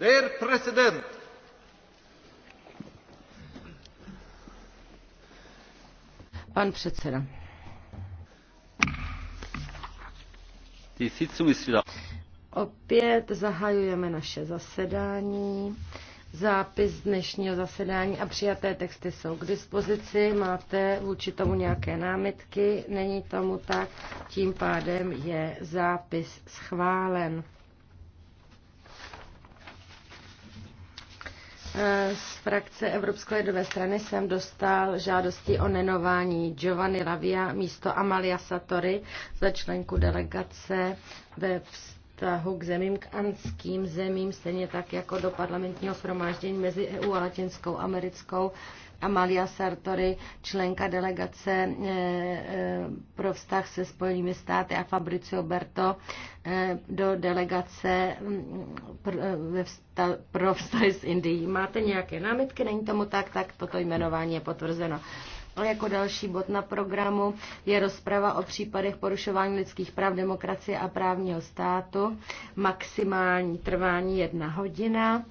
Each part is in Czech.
Dear President, Pan předseda. Opět zahajujeme naše zasedání. Zápis dnešního zasedání a přijaté texty jsou k dispozici. Máte vůči tomu nějaké námitky? Není tomu tak. Tím pádem je zápis schválen. Eh, z frakce Evropské lidové strany jsem dostal žádosti o nenování Giovanni Lavia místo Amalia Satori za členku delegace ve vztahu k zemím, k anským zemím, stejně tak jako do parlamentního shromáždění mezi EU a Latinskou Americkou Amalia Sartori, členka delegace eh, eh, pro vztah se Spojenými státy a Fabricio Berto eh, do delegace mm, pro vztahy s Indií. Máte nějaké námitky? Není tomu tak, tak toto jmenování je potvrzeno. jako další bod na programu je rozprava o případech porušování lidských práv, demokracie a právního státu. Maximální trvání jedna hodina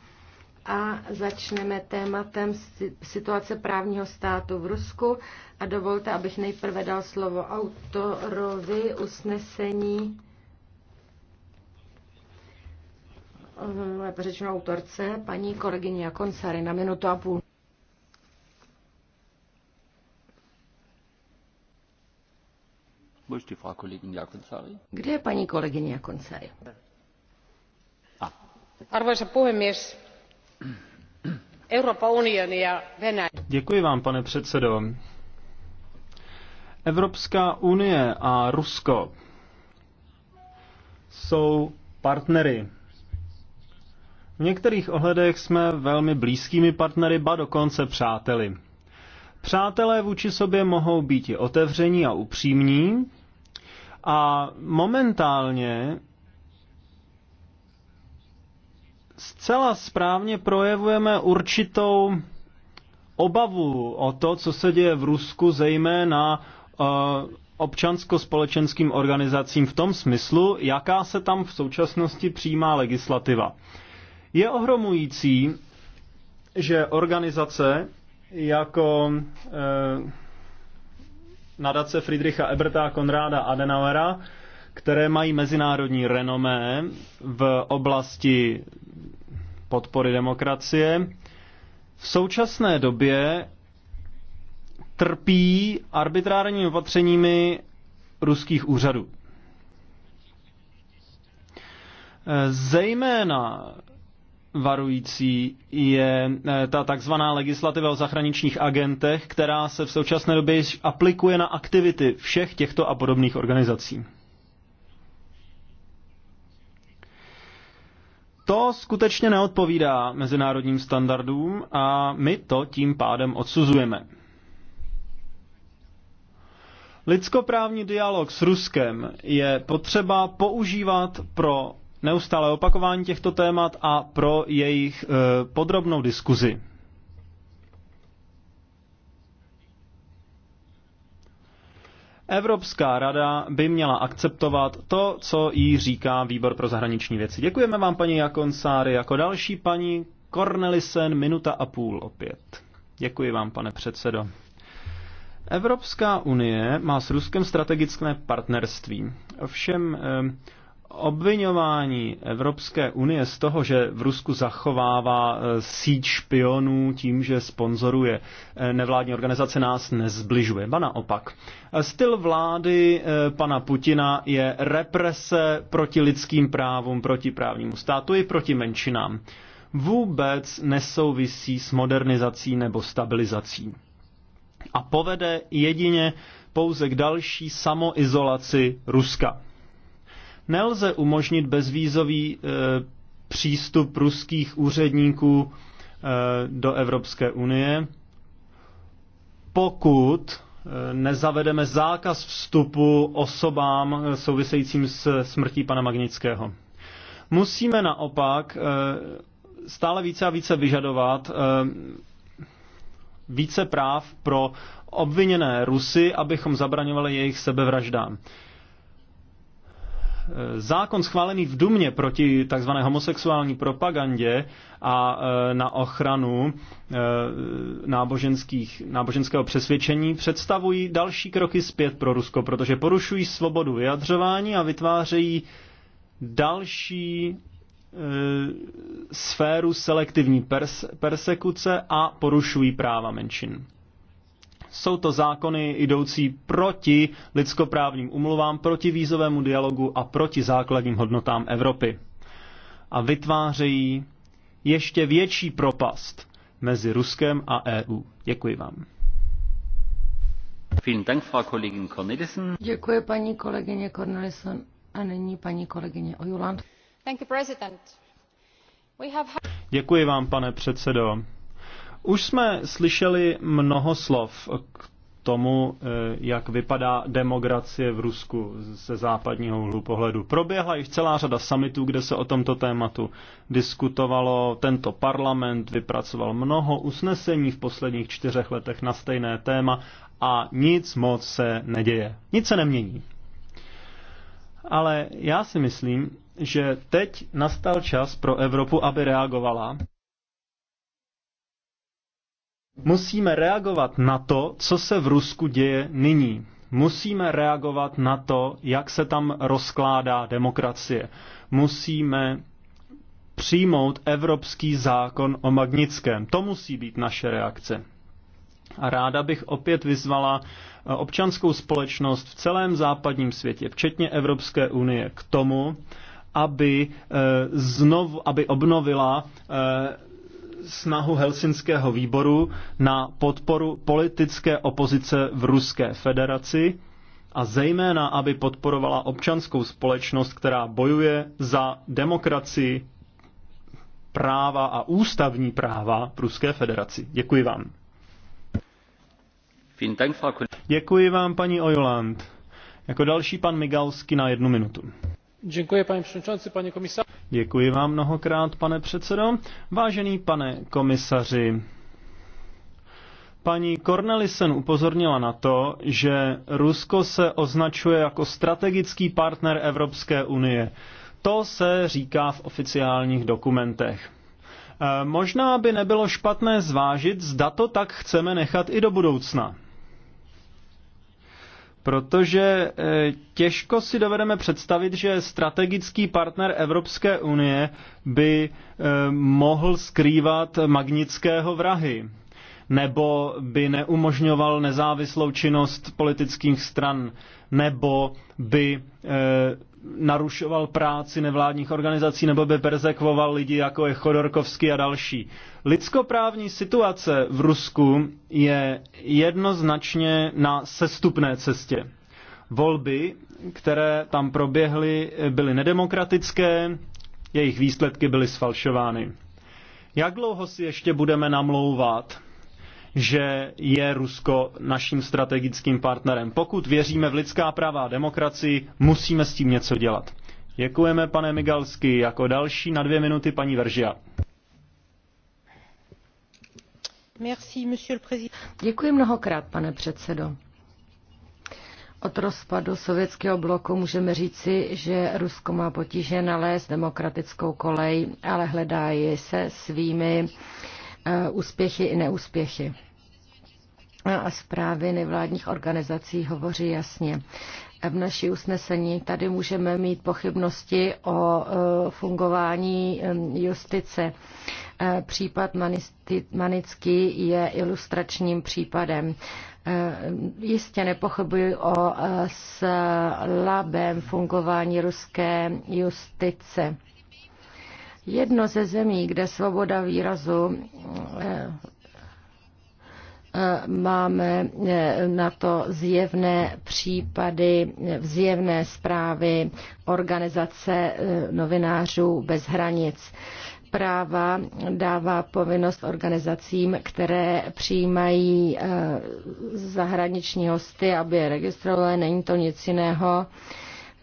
a začneme tématem situace právního státu v Rusku. A dovolte, abych nejprve dal slovo autorovi usnesení, eh, lépe řečeno autorce, paní kolegyně Jakonsary, na minutu a půl. Kde je paní kolegyně Konsary? Arvoisa puhemies, Děkuji vám, pane předsedo. Evropská unie a Rusko jsou partnery. V některých ohledech jsme velmi blízkými partnery, ba dokonce přáteli. Přátelé vůči sobě mohou být i otevření a upřímní, a momentálně zcela správně projevujeme určitou obavu o to, co se děje v Rusku, zejména eh, občansko-společenským organizacím v tom smyslu, jaká se tam v současnosti přijímá legislativa. Je ohromující, že organizace jako eh, nadace Friedricha Eberta a Konráda Adenauera které mají mezinárodní renomé v oblasti podpory demokracie, v současné době trpí arbitrárními opatřeními ruských úřadů. Zejména varující je eh, ta takzvaná legislativa o zahraničních agentech, která se v současné době aplikuje na aktivity všech těchto a podobných organizací. To skutečně neodpovídá mezinárodním standardům a my to tím pádem odsuzujeme. Lidskoprávní dialog s Ruskem je potřeba používat pro neustále opakování těchto témat a pro jejich e, podrobnou diskuzi. Evropská rada by měla akceptovat to, co jí říká Výbor pro zahraniční věci. Děkujeme vám, paní Jakonsáry. Jako další paní Cornelisen, minuta a půl opět. Děkuji vám, pane předsedo. Evropská unie má s Ruskem strategické partnerství. Ovšem, eh, obvinování Evropské unie z toho, že v Rusku zachovává eh, síť špionů tím, že sponzoruje eh, nevládní organizace, nás nezbližuje. Ba naopak. Styl vlády eh, pana Putina je represe proti lidským právům, proti právnímu státu i proti menšinám. Vůbec nesouvisí s modernizací nebo stabilizací. A povede jedině pouze k další samoizolaci Ruska Nelze umožnit bezvízový e, přístup ruských úředníků e, do Evropské unie, pokud e, nezavedeme zákaz vstupu osobám souvisejícím s smrtí pana Magnického. Musíme naopak stále více a více vyžadovat více práv pro obviněné Rusy, abychom zabraňovali jejich sebevraždám. Eh, zákon schválený v Dumě proti takzvané homosexuální propagandě a eh, na ochranu eh, náboženských, náboženského přesvědčení představují další kroky zpět pro Rusko, protože porušují svobodu vyjadřování a vytvářejí další sféru selektivní persekuce a porušují práva menšin. Jsou to zákony jdoucí proti lidskoprávním umluvám, proti vízovému dialogu a proti základním hodnotám Evropy. A vytvářejí ještě větší propast mezi Ruskem a EU. Děkuji vám. Děkuji paní kolegyně Cornelison a nyní paní kolegyně Ojuland. Děkuji vám, pane předsedo. Už jsme slyšeli mnoho slov k tomu, eh, jak vypadá demokracie v Rusku ze západního úhlu pohledu. Proběhla již celá řada summitů, kde se o tomto tématu diskutovalo. Tento parlament vypracoval mnoho usnesení v posledních čtyřech letech na stejné téma a nic moc se neděje. Nic se nemění. Ale já si myslím, že teď nastal čas pro Evropu, aby reagovala Musíme reagovat na to, co se v Rusku děje nyní. Musíme reagovat na to, jak se tam rozkládá demokracie. Musíme přijmout evropský zákon o Magnickém. To musí být naše reakce. A ráda bych opět vyzvala eh, občanskou společnost v celém západním světě, včetně Evropské unie, k tomu, aby, eh, znovu, aby obnovila eh, snahu Helsinského výboru na podporu politické opozice v Ruské federaci a zejména, aby podporovala občanskou společnost, která bojuje za demokracii, práva a ústavní práva v Ruské federaci. Děkuji vám. Děkuji vám, paní Ojoland. Jako další pan Migalsky na jednu minutu. Děkuji, pane předsedající, vám mnohokrát, pane předsedo. Vážený pane komisaři, paní Cornelissen upozornila na to, že Rusko se označuje jako strategický partner Evropské unie. To se říká v oficiálních dokumentech. E, možná by nebylo špatné zvážit, zda to tak chceme nechat i do budoucna protože e, těžko si dovedeme představit, že strategický partner Evropské unie by e, mohl skrývat magnického vrahy nebo by neumožňoval nezávislou činnost politických stran, nebo by e, narušoval práci nevládních organizací nebo by perzekvoval lidi, jako je Chodorkovský a další. Lidskoprávní situace v Rusku je jednoznačně na sestupné cestě. Volby, které tam proběhly, byly nedemokratické, jejich výsledky byly sfalšovány. Jak dlouho si ještě budeme namlouvat, že je Rusko naším strategickým partnerem. Pokud věříme v lidská práva a demokracii, musíme s tím něco dělat. Děkujeme, pane Migalsky. Jako další na dvě minuty paní Veržia. Děkuji mnohokrát, pane předsedo. Od rozpadu sovětského bloku můžeme říci, že Rusko má potíže nalézt demokratickou kolej, ale hledá ji se svými Eh, úspěchy i neúspěchy. A zprávy nevládních organizací hovoří jasně v naší usnesení. Tady můžeme mít pochybnosti o eh, fungování justice. Eh, případ Manický je ilustračním případem. Jistě nepochybuji o slabém fungování ruské justice Jedno ze zemí, kde svoboda výrazu eh, eh, máme eh, na to zjevné případy, zjevné zprávy organizace novinářů bez hranic práva dává povinnost organizacím, které přijímají zahraniční hosty, aby je registrovaly. Není to nic jiného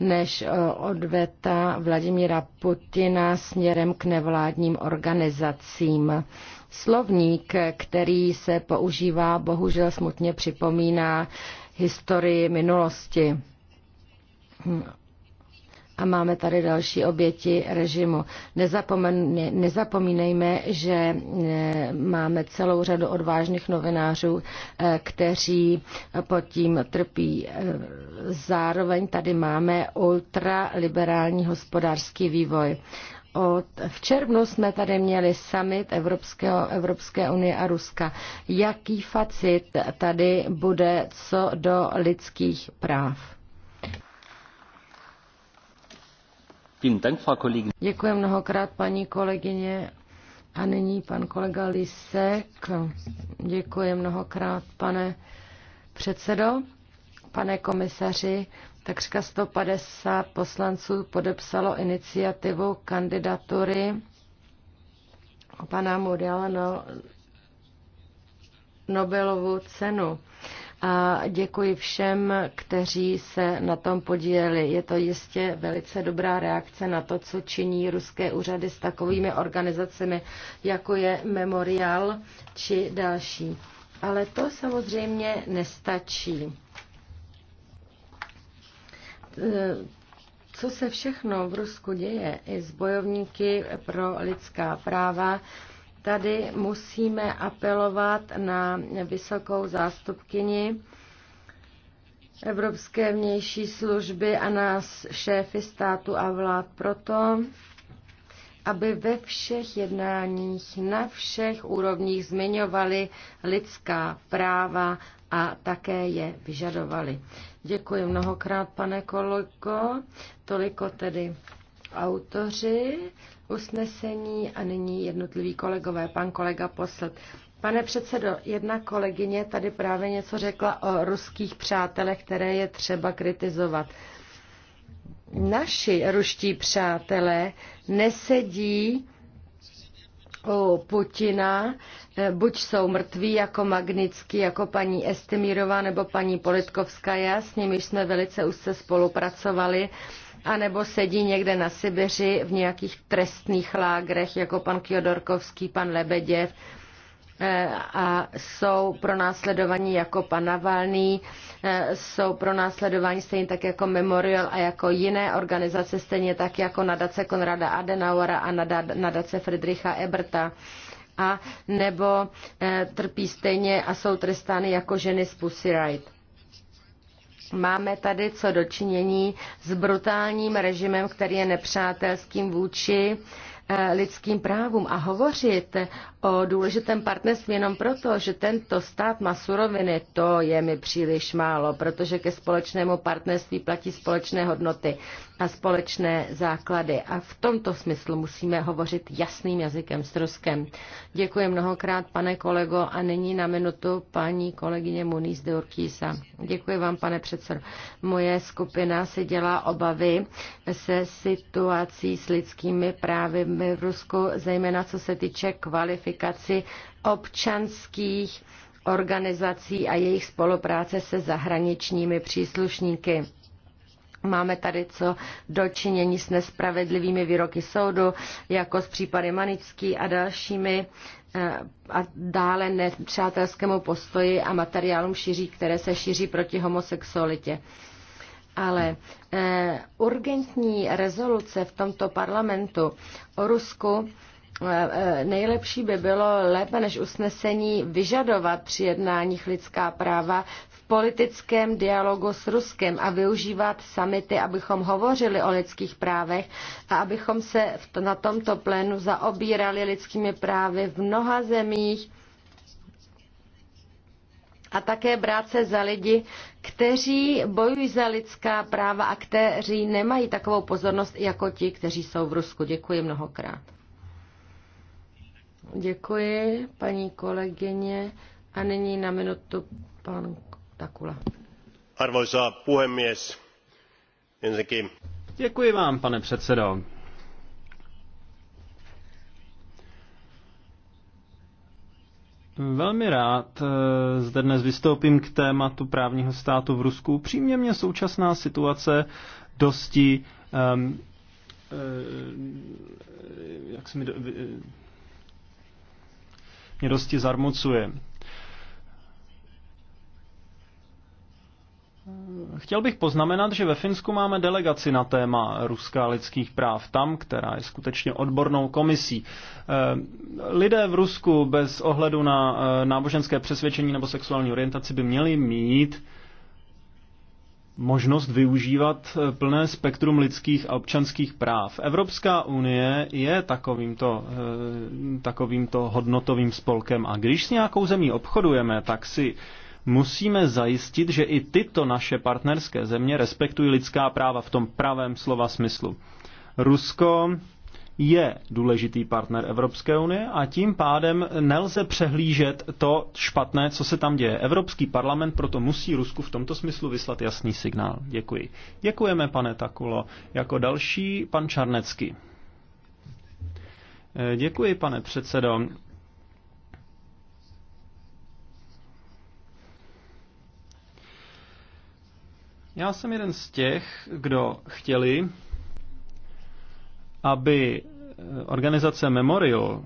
než eh, odveta Vladimíra Putina směrem k nevládním organizacím. Slovník, který se používá, bohužel smutně připomíná historii minulosti a máme tady další oběti režimu. Nezapomínejme, že e, máme celou řadu odvážných novinářů, e, kteří pod tím trpí. E, zároveň tady máme ultraliberální hospodářský vývoj. Od, v červnu jsme tady měli summit Evropského, Evropské unie a Ruska. Jaký facit tady bude co do lidských práv? Děkuji mnohokrát, paní kolegyně. A nyní pan kolega Lisek. Děkuji mnohokrát, pane předsedo, pane komisaři. Takřka 150 poslanců podepsalo iniciativu kandidatury pana Modela na no- Nobelovu cenu a děkuji všem, kteří se na tom podíleli. Je to jistě velice dobrá reakce na to, co činí ruské úřady s takovými organizacemi, jako je Memorial či další. Ale to samozřejmě nestačí. E, co se všechno v Rusku děje i s bojovníky pro lidská práva, Tady musíme apelovat na vysokou zástupkyni Evropské vnější služby a na šéfy státu a vlád proto, aby ve všech jednáních na všech úrovních zmiňovali lidská práva a také je vyžadovali. Děkuji mnohokrát, pane kolego. Toliko tedy autoři usnesení a nyní jednotliví kolegové. Pan kolega Posl. Pane předsedo, jedna kolegyně tady právě něco řekla o ruských přátelech, které je třeba kritizovat. Naši ruští přátelé nesedí u Putina, eh, buď jsou mrtví jako Magnický, jako paní Estimírová nebo paní Politkovská, já s nimi jsme velice úzce spolupracovali anebo sedí někde na Sibiři v nějakých trestných lágrech, jako pan Kjodorkovský, pan Lebeděv, eh, a jsou pronásledovaní jako pan Navalný, eh, jsou následování stejně tak jako Memorial a jako jiné organizace, stejně tak jako nadace Konrada Adenauera a nadace Friedricha Eberta a nebo eh, trpí stejně a jsou trestány jako ženy z Pussy Ride. Máme tady co dočinění s brutálním režimem, který je nepřátelským vůči Eh, lidským právům a hovořit o důležitém partnerství jenom proto, že tento stát má suroviny, to je mi příliš málo, protože ke společnému partnerství platí společné hodnoty a společné základy. A v tomto smyslu musíme hovořit jasným jazykem s Ruskem. Děkuji mnohokrát, pane kolego, a nyní na minutu paní kolegyně Muniz de Urquiza. Děkuji vám, pane předsedo. Moje skupina si dělá obavy se situací s lidskými právy v Rusku, zejména co se týče kvalifikaci občanských organizací a jejich spolupráce se zahraničními příslušníky. Máme tady co dočinění s nespravedlivými výroky soudu, jako s případy Manický a dalšími eh, a dále nepřátelskému postoji a materiálům šíří, které se šíří proti homosexualitě. Ale eh, urgentní rezoluce v tomto parlamentu o Rusku eh, eh, nejlepší by bylo lépe než usnesení vyžadovat při jednáních lidská práva v politickém dialogu s Ruskem a využívat samity, abychom hovořili o lidských právech a abychom se na tomto plénu zaobírali lidskými právy v mnoha zemích a také brát se za lidi, kteří bojují za lidská práva a kteří nemají takovou pozornost jako ti, kteří jsou v Rusku. Děkuji mnohokrát. Děkuji, paní kolegyně. A nyní na minutu pan Takula. Arvoisa puhemies, ensinnäkin. Děkuji vám, pane předsedo. Velmi rád eh, zde dnes vystoupím k tématu právního státu v Rusku. Přímě mě současná situace dosti um, jak se mi do, eh, mě dosti zarmocuje. Chtěl bych poznamenat, že ve Finsku máme delegaci na téma ruská lidských práv tam, která je skutečně odbornou komisí. Eh, lidé v Rusku bez ohledu na eh, náboženské přesvědčení nebo sexuální orientaci by měli mít možnost využívat eh, plné spektrum lidských a občanských práv. Evropská unie je takovýmto, takovýmto hodnotovým spolkem a když s nějakou zemí obchodujeme, tak si musíme zajistit, že i tyto naše partnerské země respektují lidská práva v tom pravém slova smyslu. Rusko je důležitý partner Evropské unie a tím pádem nelze přehlížet to špatné, co se tam děje. Evropský parlament proto musí Rusku v tomto smyslu vyslat jasný signál. Děkuji. Děkujeme, pane Takulo. Jako další, pan Čarnecký. Eh, děkuji, pane předsedo. Já jsem jeden z těch, kdo chtěli, aby eh, organizace Memorial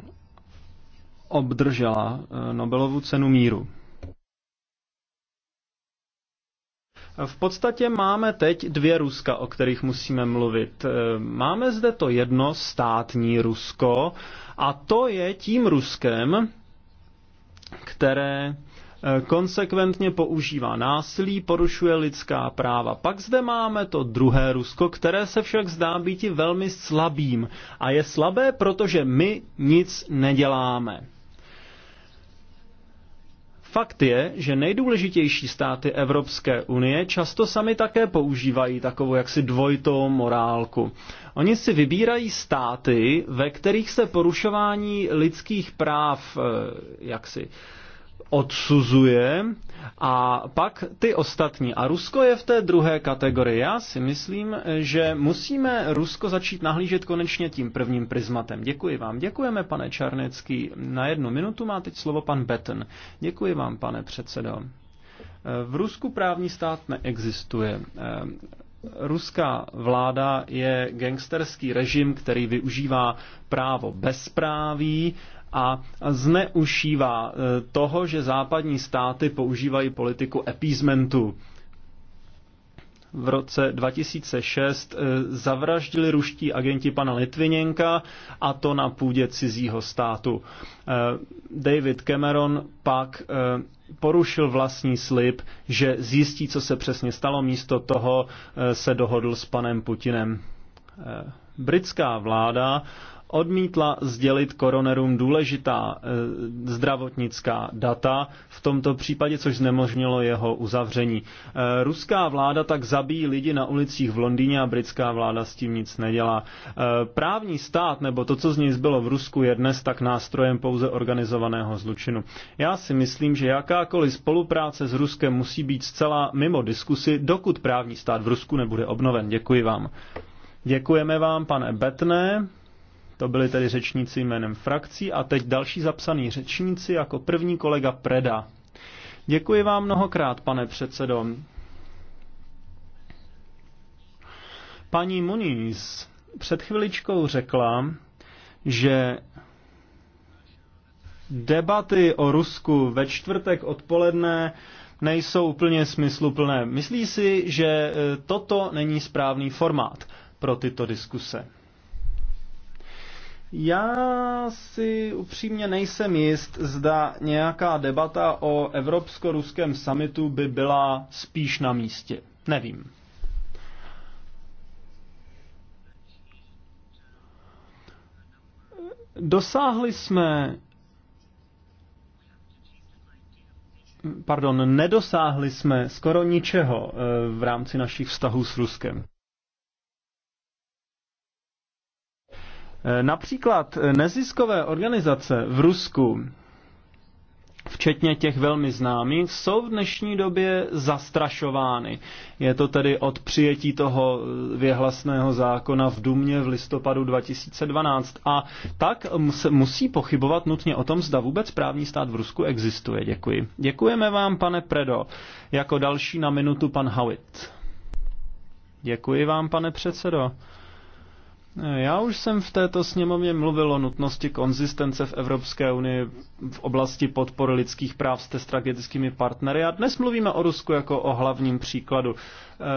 obdržela eh, Nobelovu cenu míru. V podstatě máme teď dvě Ruska, o kterých musíme mluvit. Eh, máme zde to jedno státní Rusko a to je tím Ruskem, které Eh, konsekventně používá násilí, porušuje lidská práva. Pak zde máme to druhé Rusko, které se však zdá být i velmi slabým. A je slabé, protože my nic neděláme. Fakt je, že nejdůležitější státy Evropské unie často sami také používají takovou jaksi dvojitou morálku. Oni si vybírají státy, ve kterých se porušování lidských práv eh, jaksi odsuzuje a pak ty ostatní. A Rusko je v té druhé kategorii. Já si myslím, že musíme Rusko začít nahlížet konečně tím prvním prismatem. Děkuji vám. Děkujeme, pane Čarnecký. Na jednu minutu má teď slovo pan Betten. Děkuji vám, pane předsedo. Eh, v Rusku právní stát neexistuje. Eh, ruská vláda je gangsterský režim, který využívá právo bezpráví a zneužívá eh, toho, že západní státy používají politiku appeasementu. V roce 2006 eh, zavraždili ruští agenti pana Litviněnka a to na půdě cizího státu. Eh, David Cameron pak porušil vlastní slib, že zjistí, co se přesně stalo, místo toho se dohodl s panem Putinem britská vláda odmítla sdělit koronerům důležitá eh, zdravotnická data v tomto případě, což znemožnilo jeho uzavření. Eh, ruská vláda tak zabíjí lidi na ulicích v Londýně a britská vláda s tím nic nedělá. Eh, právní stát nebo to, co z něj zbylo v Rusku, je dnes tak nástrojem pouze organizovaného zločinu. Já si myslím, že jakákoliv spolupráce s Ruskem musí být zcela mimo diskusy, dokud právní stát v Rusku nebude obnoven. Děkuji vám. Děkujeme vám, pane Betne. To byli tedy řečníci jménem frakcí a teď další zapsaný řečníci jako první kolega Preda. Děkuji vám mnohokrát, pane předsedo. Paní Muniz před chviličkou řekla, že debaty o Rusku ve čtvrtek odpoledne nejsou úplně smysluplné. Myslí si, že e, toto není správný formát pro tyto diskuse. Já si upřímně nejsem jist, zda nějaká debata o evropsko-ruském samitu by byla spíš na místě. Nevím. Dosáhli jsme pardon, nedosáhli jsme skoro ničeho eh, v rámci našich vztahů s Ruskem. Například neziskové organizace v Rusku, včetně těch velmi známých, jsou v dnešní době zastrašovány. Je to tedy od přijetí toho věhlasného zákona v Dumě v listopadu 2012. A tak musí pochybovat nutně o tom, zda vůbec právní stát v Rusku existuje. Děkuji. Děkujeme vám, pane Predo. Jako další na minutu pan Howitt. Děkuji vám, pane předsedo. Já už jsem v této sněmovně mluvil o nutnosti konzistence v Evropské unii v oblasti podpory lidských práv s strategickými partnery a dnes mluvíme o Rusku jako o hlavním příkladu.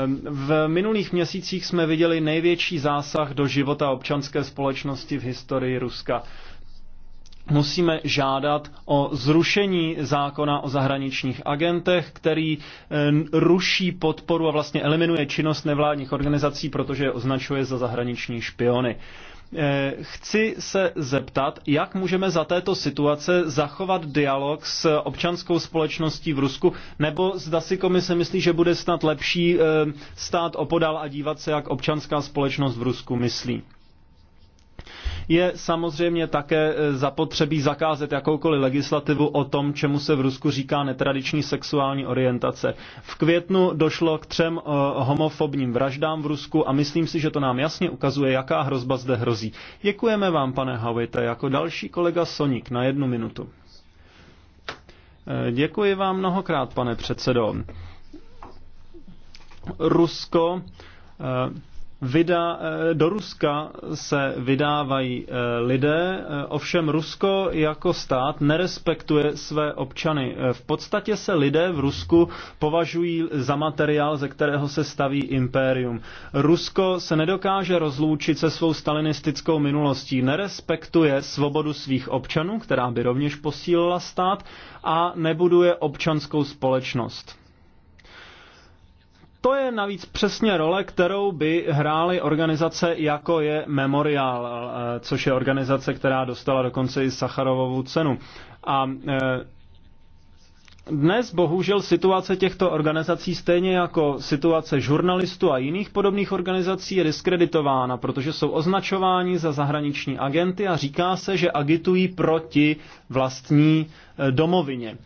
Ehm, v minulých měsících jsme viděli největší zásah do života občanské společnosti v historii Ruska musíme žádat o zrušení zákona o zahraničních agentech, který eh, ruší podporu a vlastně eliminuje činnost nevládních organizací, protože je označuje za zahraniční špiony. Eh, chci se zeptat, jak můžeme za této situace zachovat dialog s občanskou společností v Rusku, nebo zda si komise myslí, že bude snad lepší eh, stát opodal a dívat se, jak občanská společnost v Rusku myslí. Je samozřejmě také e, zapotřebí zakázat jakoukoliv legislativu o tom, čemu se v Rusku říká netradiční sexuální orientace. V květnu došlo k třem e, homofobním vraždám v Rusku a myslím si, že to nám jasně ukazuje, jaká hrozba zde hrozí. Děkujeme vám, pane Havite, jako další kolega Sonik na jednu minutu. E, děkuji vám mnohokrát, pane předsedo. Rusko vydá, eh, do Ruska se vydávají eh, lidé, eh, ovšem Rusko jako stát nerespektuje své občany. V podstatě se lidé v Rusku považují za materiál, ze kterého se staví impérium. Rusko se nedokáže rozloučit se svou stalinistickou minulostí, nerespektuje svobodu svých občanů, která by rovněž posílila stát, a nebuduje občanskou společnost. To je navíc přesně role, kterou by hrály organizace jako je Memorial, eh, což je organizace, která dostala dokonce i Sacharovovu cenu. A eh, dnes bohužel situace těchto organizací, stejně jako situace žurnalistů a jiných podobných organizací, je diskreditována, protože jsou označováni za zahraniční agenty a říká se, že agitují proti vlastní eh, domovině.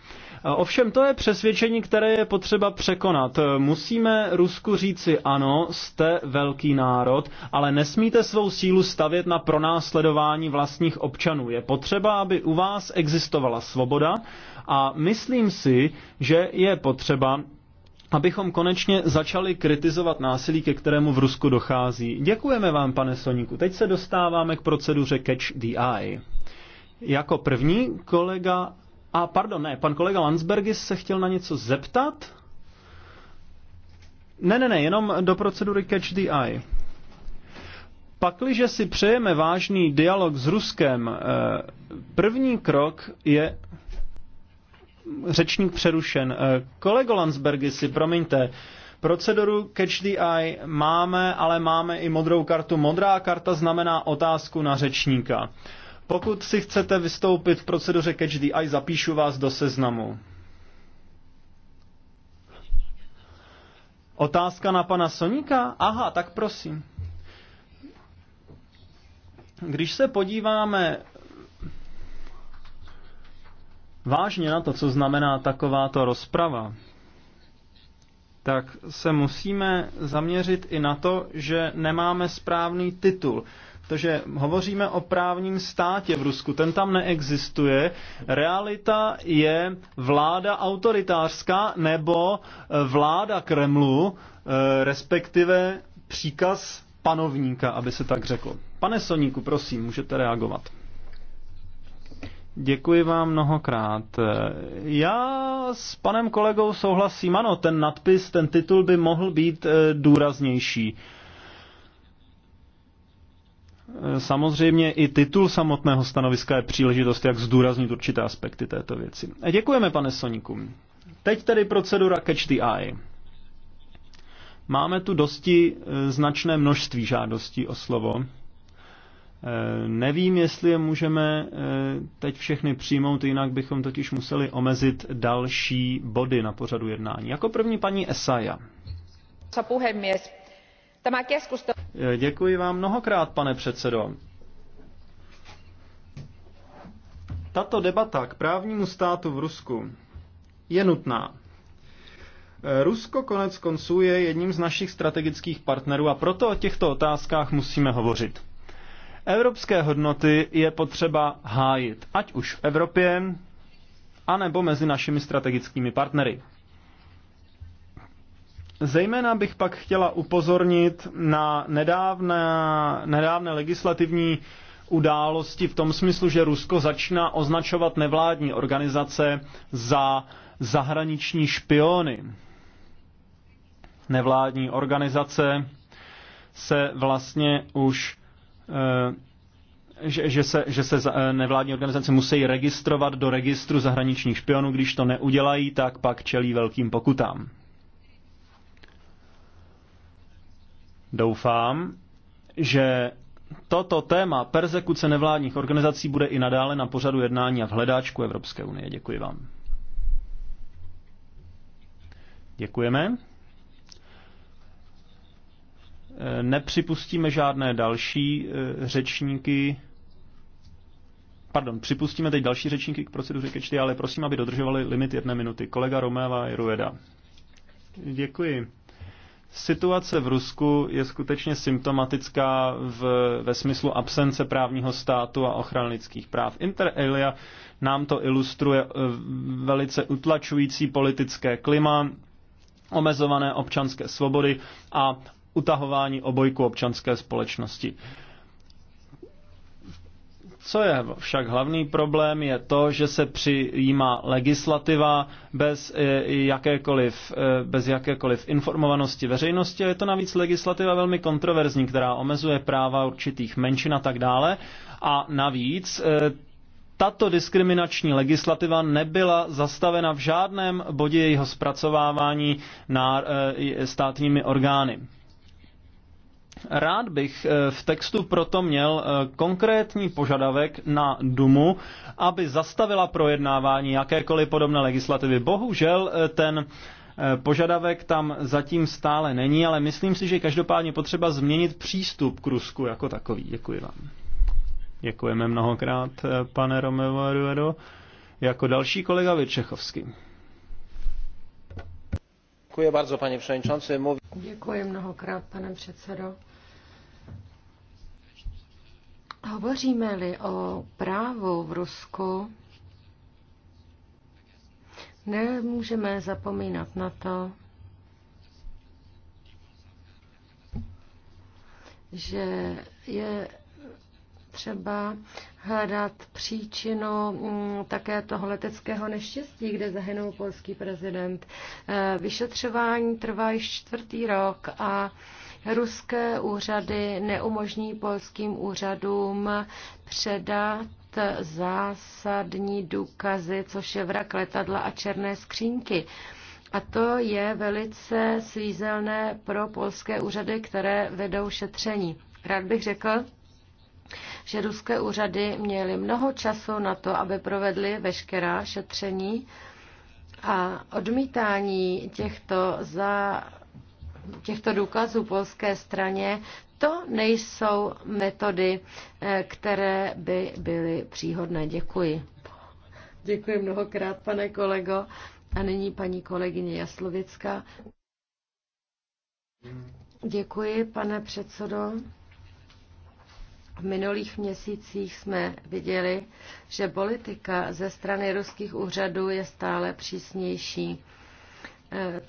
Ovšem to je přesvědčení, které je potřeba překonat. Musíme Rusku říci ano, jste velký národ, ale nesmíte svou sílu stavět na pronásledování vlastních občanů. Je potřeba, aby u vás existovala svoboda a myslím si, že je potřeba, abychom konečně začali kritizovat násilí, ke kterému v Rusku dochází. Děkujeme vám, pane Soníku. Teď se dostáváme k proceduře Catch the Eye. Jako první kolega a pardon, ne, pan kolega Landsbergis se chtěl na něco zeptat? Ne, ne, ne, jenom do procedury Catch the Eye. Pakliže si přejeme vážný dialog s Ruskem, eh, první krok je řečník přerušen. Eh, kolego Landsbergy si, promiňte, proceduru Catch the Eye máme, ale máme i modrou kartu. Modrá karta znamená otázku na řečníka. Pokud si chcete vystoupit v proceduře Catch the Eye, zapíšu vás do seznamu. Otázka na pana Soníka? Aha, tak prosím. Když se podíváme vážně na to, co znamená takováto rozprava, tak se musíme zaměřit i na to, že nemáme správný titul protože hovoříme o právním státě v Rusku, ten tam neexistuje. Realita je vláda autoritářská nebo e, vláda Kremlu, e, respektive příkaz panovníka, aby se tak řeklo. Pane Soníku, prosím, můžete reagovat. Děkuji vám mnohokrát. E, já s panem kolegou souhlasím, ano, ten nadpis, ten titul by mohl být důraznější. Eh, samozřejmě i titul samotného stanoviska je příležitost, jak zdůraznit určité aspekty této věci. Eh, děkujeme, pane Soniku. Teď tedy procedura Catch the Eye. Máme tu dosti eh, značné množství žádostí o slovo. Nevím, jestli je můžeme teď všechny přijmout, jinak bychom totiž museli omezit další body na pořadu jednání. Jako první paní Esaja. puhemies, Tämä keskustelu... Děkuji vám mnohokrát, pane předsedo. Tato debata k právnímu státu v Rusku je nutná. Eh, Rusko konec konců je jedním z našich strategických partnerů a proto o těchto otázkách musíme hovořit. Evropské hodnoty je potřeba hájit, ať už v Evropě, anebo mezi našimi strategickými partnery. Zejména bych pak chtěla upozornit na nedávné, nedávné legislativní události v tom smyslu, že Rusko začíná označovat nevládní organizace za zahraniční špiony. Nevládní organizace se vlastně už eh, že, že se, že se eh, nevládní organizace musí registrovat do registru zahraničních špionů, když to neudělají, tak pak čelí velkým pokutám. Doufám, že toto téma persekuce nevládních organizací bude i nadále na pořadu jednání a v hledáčku Evropské unie. Děkuji vám. Děkujeme. E, nepřipustíme žádné další e, řečníky. Pardon, připustíme teď další řečníky k proceduře čty, ale prosím, aby dodržovali limit jedné minuty. Kolega Romeva Rueda. Děkuji. Situace v Rusku je skutečně symptomatická v, ve smyslu absence právního státu a ochrany lidských práv. Inter alia nám to ilustruje eh, velice utlačující politické klima, omezované občanské svobody a utahování obojku občanské společnosti. Co je však hlavní problém, je to, že se přijímá legislativa bez eh, jakékoliv, eh, bez jakékoliv informovanosti veřejnosti. Je to navíc legislativa velmi kontroverzní, která omezuje práva určitých menšin a tak dále. A navíc eh, tato diskriminační legislativa nebyla zastavena v žádném bodě jejího zpracovávání na státními orgány. Rád bych eh, v textu proto měl eh, konkrétní požadavek na Dumu, aby zastavila projednávání jakékoliv podobné legislativy. Bohužel eh, ten požadavek tam zatím stále není, ale myslím si, že každopádně potřeba změnit přístup k Rusku jako takový. Děkuji vám. Děkujeme mnohokrát, pane Romeo Ruedo. Jako další kolega Vyčechovský. Děkuji bardzo, pane předsedající. Děkuji mnohokrát, pane předsedo. Hovoříme-li o právu v Rusku, nemůžeme zapomínat na to, že je třeba hledat příčinu mm, také toho leteckého neštěstí, kde zahynul polský prezident. Eh, vyšetřování trvá již čtvrtý rok a Ruské úřady neumožní polským úřadům předat zásadní důkazy, což je vrak letadla a černé skřínky. A to je velice svízelné pro polské úřady, které vedou šetření. Rád bych řekl, že ruské úřady měly mnoho času na to, aby provedly veškerá šetření a odmítání těchto za těchto důkazů polské straně, to nejsou metody, eh, které by byly příhodné. Děkuji. Děkuji mnohokrát, pane kolego. A nyní paní kolegyně Jaslovická. Děkuji, pane předsedo. V minulých měsících jsme viděli, že politika ze strany ruských úřadů je stále přísnější eh,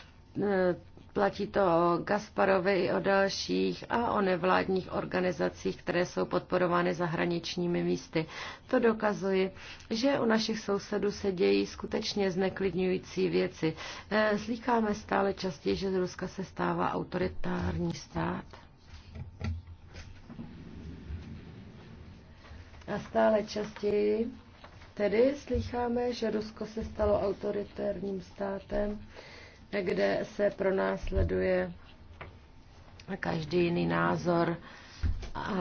eh, Platí to o Gasparovi i o dalších a o nevládních organizacích, které jsou podporovány zahraničními místy. To dokazuje, že u našich sousedů se dějí skutečně zneklidňující věci. Eh, slýcháme stále častěji, že z Ruska se stává autoritární stát. A stále častěji tedy slycháme, že Rusko se stalo autoritárním státem kde se pro nás sleduje každý jiný názor. A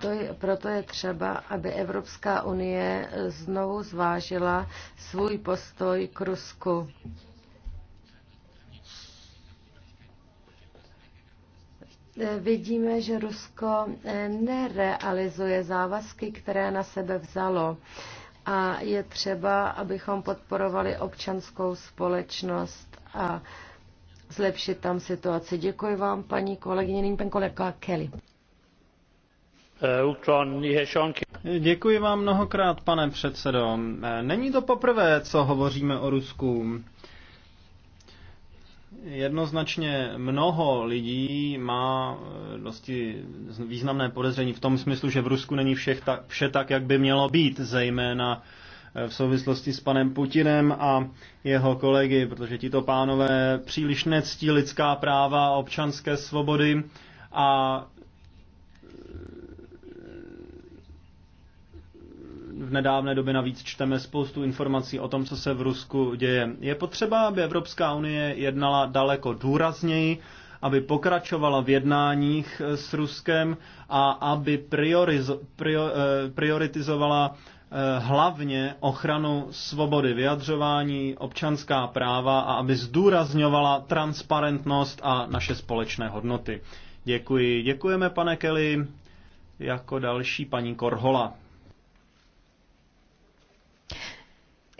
to je, proto je třeba, aby Evropská unie znovu zvážila svůj postoj k Rusku. Vidíme, že Rusko nerealizuje závazky, které na sebe vzalo. A je třeba, abychom podporovali občanskou společnost a zlepšit tam situaci. Děkuji vám, paní kolegyně, nyní pan kolega Kelly. Děkuji vám mnohokrát, pane předsedo. Není to poprvé, co hovoříme o Rusku. Jednoznačně mnoho lidí má dosti významné podezření v tom smyslu, že v Rusku není všech ta, vše tak, jak by mělo být, zejména Eh, v souvislosti s panem Putinem a jeho kolegy, protože tito pánové příliš nectí lidská práva, občanské svobody a eh, v nedávné době navíc čteme spoustu informací o tom, co se v Rusku děje. Je potřeba, aby Evropská unie jednala daleko důrazněji, aby pokračovala v jednáních eh, s Ruskem a aby priorizo, prior, prioritizovala Eh, hlavně ochranu svobody vyjadřování, občanská práva a aby zdůrazňovala transparentnost a naše společné hodnoty. Děkuji. Děkujeme, pane Kelly. Jako další paní Korhola.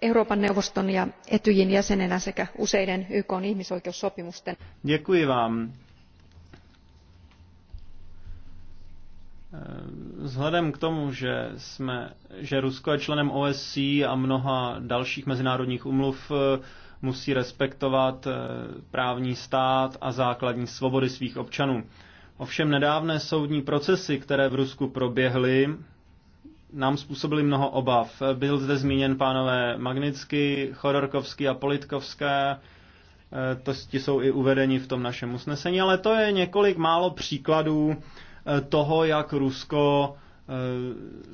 Euroopan neuvoston ja Etyjin jäsenenä sekä useiden YK ihmisoikeussopimusten. Děkuji vám. Vzhledem k tomu, že, jsme, že Rusko je členem OSC a mnoha dalších mezinárodních umluv, eh, musí respektovat eh, právní stát a základní svobody svých občanů. Ovšem nedávné soudní procesy, které v Rusku proběhly, nám způsobily mnoho obav. Byl zde zmíněn pánové Magnitsky, Chodorkovský a Politkovské, eh, to, jsou i uvedeni v tom našem usnesení, ale to je několik málo příkladů Eh, toho, jak Rusko eh,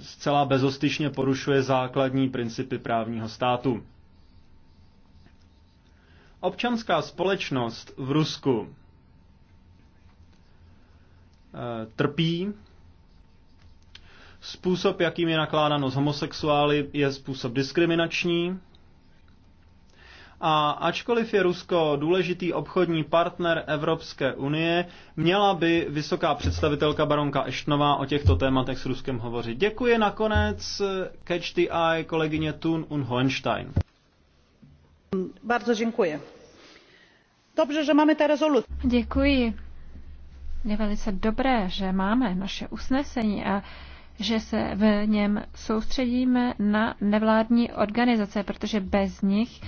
zcela bezostyšně porušuje základní principy právního státu. Občanská společnost v Rusku eh, trpí. Způsob, jakým je nakládáno s homosexuály, je způsob diskriminační, a ačkoliv je Rusko důležitý obchodní partner Evropské unie, měla by vysoká představitelka baronka Eštnová o těchto tématech s Ruskem hovořit. Děkuji nakonec Catch the Eye kolegyně Thun und Hohenstein. Bardzo děkuji. Dobře, že máme ta rezoluci. Děkuji. Je velice dobré, že máme naše usnesení a že se v něm soustředíme na nevládní organizace, protože bez nich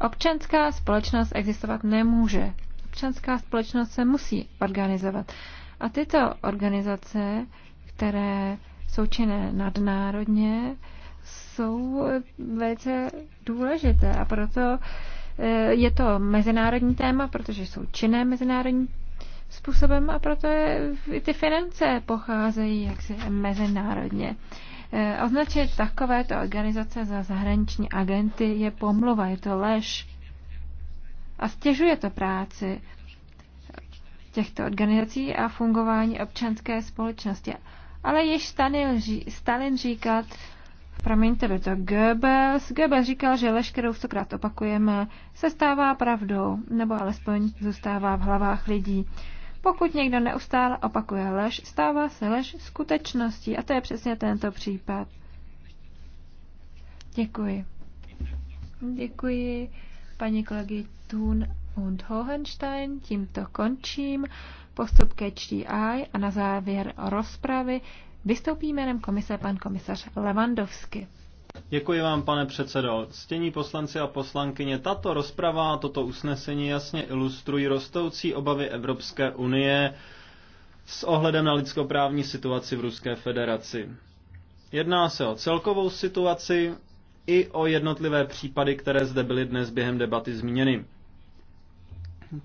Občanská společnost existovat nemůže. Občanská společnost se musí organizovat. A tyto organizace, které jsou činné nadnárodně, jsou velice důležité a proto eh, je to mezinárodní téma, protože jsou činné mezinárodní způsobem a proto je, ty finance pocházejí jaksi mezinárodně. Eh, označit takovéto organizace za zahraniční agenty je pomluva, je to lež. A stěžuje to práci těchto organizací a fungování občanské společnosti. Ale již Stalin, říkal, promiňte, by to Goebbels, Goebbels říkal, že lež, kterou stokrát opakujeme, se stává pravdou, nebo alespoň zůstává v hlavách lidí. Pokud někdo neustále opakuje lež, stává se lež skutečností. A to je přesně tento případ. Děkuji. Děkuji paní kolegy Thun und Hohenstein. Tímto končím postup ke HDI a na závěr rozpravy vystoupí jménem komise pan komisař Levandovsky. Děkuji vám, pane předsedo. Ctění poslanci a poslankyně, tato rozprava a toto usnesení jasně ilustrují rostoucí obavy Evropské unie s ohledem na lidskoprávní situaci v Ruské federaci. Jedná se o celkovou situaci i o jednotlivé případy, které zde byly dnes během debaty zmíněny.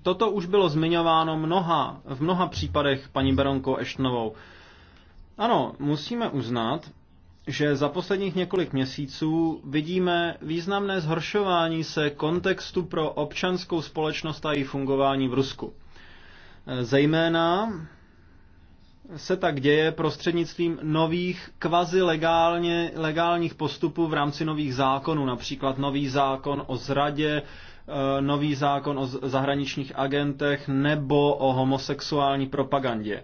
Toto už bylo zmiňováno mnoha, v mnoha případech paní Baronkou Eštnovou. Ano, musíme uznat, že za posledních několik měsíců vidíme významné zhoršování se kontextu pro občanskou společnost a její fungování v Rusku. Zejména se tak děje prostřednictvím nových kvazi legálně, legálních postupů v rámci nových zákonů, například nový zákon o zradě, eh, nový zákon o zahraničních agentech nebo o homosexuální propagandě.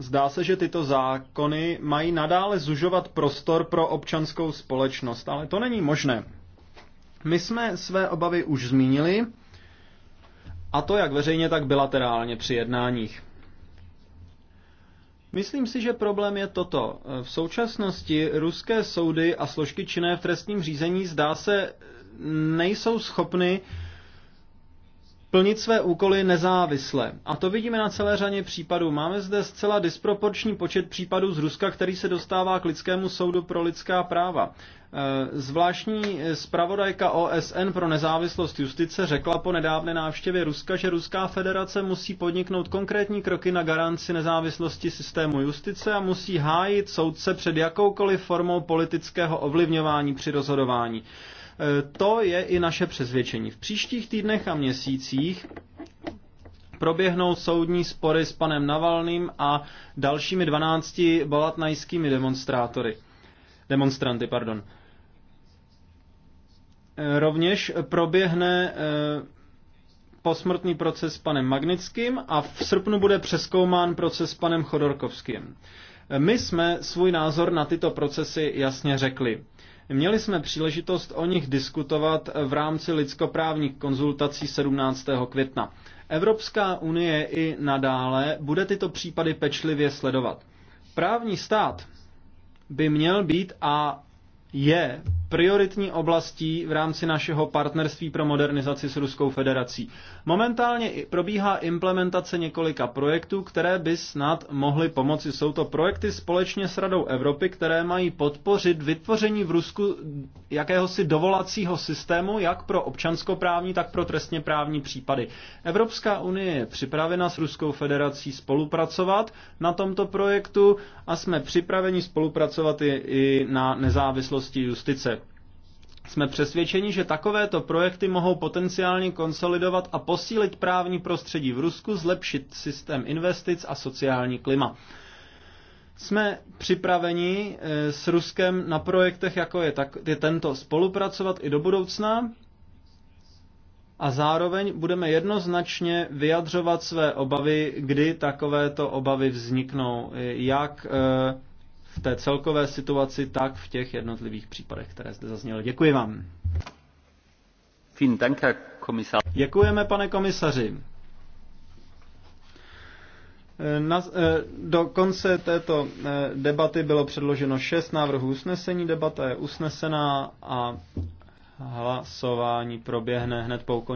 Zdá se, že tyto zákony mají nadále zužovat prostor pro občanskou společnost, ale to není možné. My jsme své obavy už zmínili, a to jak veřejně, tak bilaterálně při jednáních. Myslím si, že problém je toto. V současnosti ruské soudy a složky činné v trestním řízení zdá se nejsou schopny uh, plnit své úkoly nezávisle. A to vidíme na celé řadě případů. Máme zde zcela disproporční počet případů z Ruska, který se dostává k lidskému soudu pro lidská práva. E, zvláštní zpravodajka OSN pro nezávislost justice řekla po nedávné návštěvě Ruska, že Ruská federace musí podniknout konkrétní kroky na garanci nezávislosti systému justice a musí hájit soudce před jakoukoliv formou politického ovlivňování při rozhodování. Eh, to je i naše přesvědčení. V příštích týdnech a měsících proběhnou soudní spory s panem Navalným a dalšími 12 balatnajskými demonstrátory. Demonstranty, pardon. Eh, rovněž proběhne eh, posmrtný proces s panem Magnickým a v srpnu bude přeskoumán proces s panem Chodorkovským. My jsme svůj názor na tyto procesy jasně řekli. Měli jsme příležitost o nich diskutovat v rámci lidskoprávních konzultací 17. května. Evropská unie i nadále bude tyto případy pečlivě sledovat. Právní stát by měl být a je prioritní oblastí v rámci našeho partnerství pro modernizaci s Ruskou federací. Momentálně probíhá implementace několika projektů, které by snad mohly pomoci. Jsou to projekty společně s Radou Evropy, které mají podpořit vytvoření v Rusku jakéhosi dovolacího systému, jak pro občanskoprávní, tak pro trestně právní případy. Evropská unie je připravena s Ruskou federací spolupracovat na tomto projektu a jsme připraveni spolupracovat i, na nezávislosti nezávislosti justice. Jsme přesvědčeni, že takovéto projekty mohou potenciálně konsolidovat a posílit právní prostředí v Rusku, zlepšit systém investic a sociální klima. Jsme připraveni eh, s Ruskem na projektech, jako je, tak, je tento, spolupracovat i do budoucna a zároveň budeme jednoznačně vyjadřovat své obavy, kdy takovéto obavy vzniknou, eh, jak eh, v té celkové situaci, tak v těch jednotlivých případech, které zde zazněly. Děkuji vám. Děkujeme, pane komisaři. Eh, na, eh, do konce této eh, debaty bylo předloženo šest návrhů usnesení, debata je usnesená a hlasování proběhne hned po ukončení.